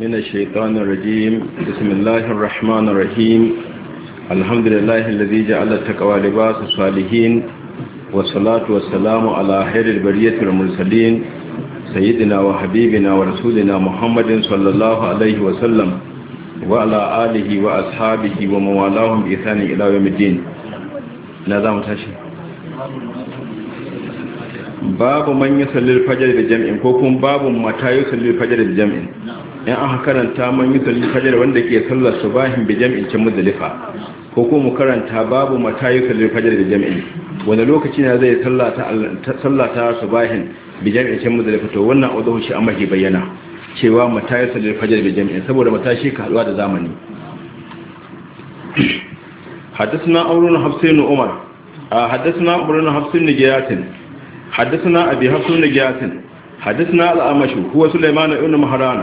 من الشيطان الرجيم بسم الله الرحمن الرحيم الحمد لله الذي جعل التقوى لباس الصالحين والصلاة والسلام على خير البرية المرسلين سيدنا وحبيبنا ورسولنا محمد صلى الله عليه وسلم وعلى آله وأصحابه وموالاهم بإثان إلى يوم الدين لا دام تشي babu man yusalli al fajar da jam'in ko kuma babu mata ya sallar fajar da jam'in in aka karanta man yusalli al fajar wanda ke sallar subahin bi jam'in cin muzalifa ko kuma karanta babu mata yusalli al fajar da jam'in wanda lokaci na zai sallata sallata subahin bi jam'in cin muzalifa to wannan audahu shi amma ke bayyana cewa mata yusalli al fajar bi jam'in saboda mata shi ka haduwa da zamani حدثنا أمرنا حفصين عمر حدثنا أمرنا حفصين جياتين حدثنا أبي حفص بن جاس حدثنا الأمش هو سليمان بن مهران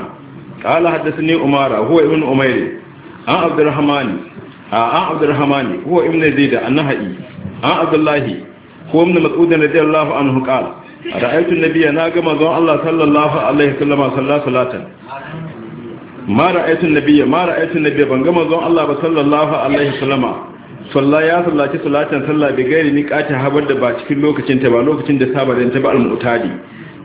قال حدثني أمارة هو ابن أمير عن عبد الرحمن عن عبد الرحمن هو ابن زيد النهائي عن عبد الله هو ابن مسعود رضي الله عنه قال رأيت النبي ناقم ذو الله صلى الله عليه وسلم صلى صلاة ما رأيت النبي ما رأيت النبي بنقم ذو الله صلى الله عليه وسلم Sallah ya sallaci salatan sallah bi gairi ni kata habar da ba cikin lokacin ta ba lokacin da saba da ta ba al-mu'tadi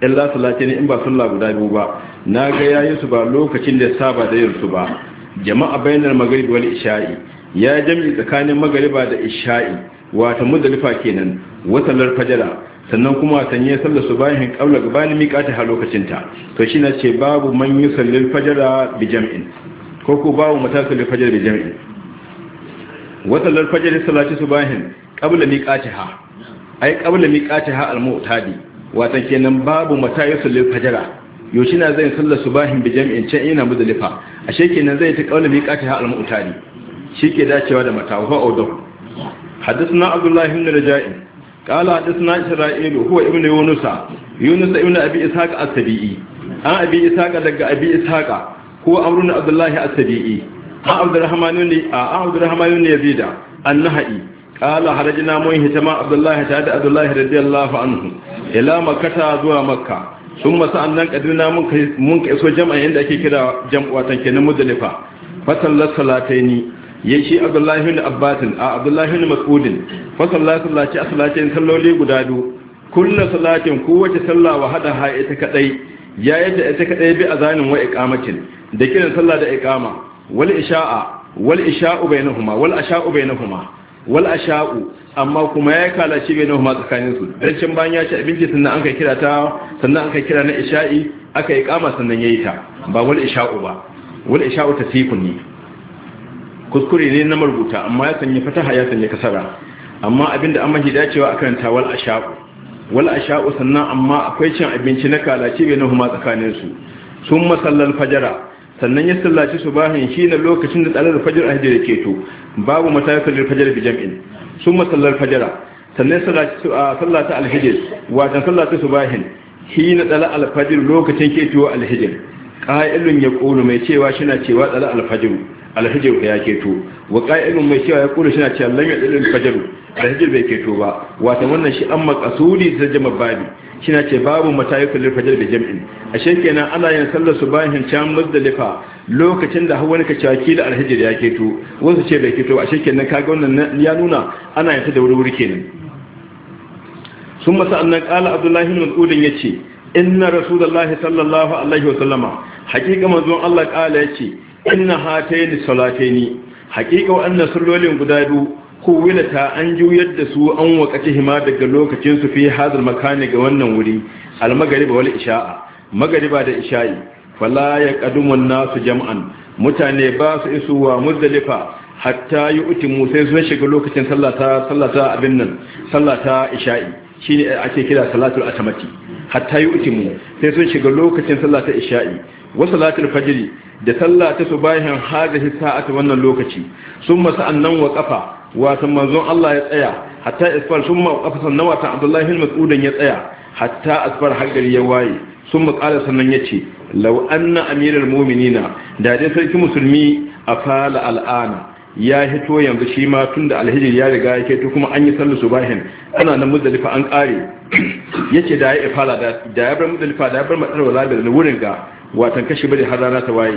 illa sallace ne in ba sallah guda biyu ba na ga yayin su ba lokacin da saba da yin su ba jama'a bainar maghrib wal isha'i ya jami tsakanin magriba da isha'i wata muzdalifa kenan wasallar fajara sannan kuma sanye sallar su bayan kaula gabanin miƙata ha lokacin ta to shi na ce babu man yusallil fajara bi jam'in ko ko babu mutasalli fajara bi jam'in wasallar fajr salati subahin qabla miqatiha ai qabla miqatiha al-mu'tadi watan kenan babu mata yusalli fajra yoshi na zai sallar subahin bi jami'in can ina mudalifa ashe kenan zai ta qabla miqatiha al-mu'tadi shike dacewa da mata wa audu hadithna abdullah ibn raja'i qala hadithna isra'il huwa ibn yunus yunus ibn abi ishaq as-sabi'i an abi ishaq daga abi ishaq huwa amrun abdullah as-sabi'i an abdurrahman ne yazida annahai qala harajna mun hitama abdullahi ta da abdullahi radiyallahu anhu ila makkata zuwa makka sun masu annan kadina mun ka iso jama'a inda ake kira jam'uwatan kenan mudalifa fatan lassalataini ya shi abdullahi ibn abbasin a abdullahi ibn mas'udin fa sallatu sallati aslatin salloli guda du kullu salatin kowace sallah wa hada ha ita kadai ya yadda ita kadai bi azanin wa iqamatin da kiran sallah da iqama wal isha'a bai na huma, wal asha'u bainahuma wal asha'u amma kuma ya yi kalace bai na huma tsakaninsu. cin bayan ya ci abinci sannan an kai kira ta sannan an kira na isha'i aka yi kama sannan ya yi ta ba wal isha'u ba wal isha'u tasifun ne kuskure ne na marubuta amma ya sanya fataha ya sanya kasara amma abinda an mahi dacewa akan ta wal asha'u wal asha'u sannan amma akwai cin abinci na kalace na huma tsakaninsu, sun masallal fajara sannan ya sallaci subahin shi na lokacin da tsarar fajar a hijira ke to babu matakar fajar bi jam'in sun masallar fajara sannan sallata alhijir watan sallata subahin shi na tsala alfajir lokacin ke tuwa alhijir ƙa'ilun ya ƙonu mai cewa shi na cewa tsala alfajir alhijir da ya keto wa ƙa'ilun mai cewa ya kula shi na cewa lamya ɗin fajar alhijir bai keto ba wata wannan shi an makasudi ta jama babi shi na ce babu matayukan fajar da jam'in a shekenan ana yin sallar su bayan can muzdalifa lokacin da hawa ka cewa kila alhijir ya keto wasu ce bai keto a ka kaga wannan ya nuna ana yin ta da wuri wuri kenan sun masa annan ƙala abdullahi mas'udin ya ce inna rasulullahi sallallahu alaihi wasallama hakika manzon allah ƙala ya ce inna hataini salataini haqiqa wa'annan sallolin guda biyu kuwilata an juyar da su an wakaci hima daga lokacin su fi hadal makani ga wannan wuri al magrib wal isha'a magariba da isha'i fala ya kadumun nasu jam'an mutane ba su isuwa muzdalifa hatta yi musa sai sun shiga lokacin sallata sallata abin nan sallata isha'i shine ake kira salatul atamati hatta yi musa sai sun shiga lokacin sallata isha'i Wasu salatul fajiri da sallah ta subahin hadhihi sa'atu wannan lokaci sun summa sa'annan wa qafa wato manzon Allah ya tsaya hatta isfar summa qafa sannan wato Abdullah bin Mas'ud ya tsaya hatta asfar har gari ya waye summa qala sannan ce. law anna amirar mu'minina da dai sarki musulmi a afala al'ana ya hito yanzu shi ma tun da alhijir ya riga ya keto kuma an yi sallu subahin ana nan muzdalifa an kare ce da ya ifala da ya bar muzdalifa da ya bar matsar wala da wurin ga watan kashi bari har rana ta waye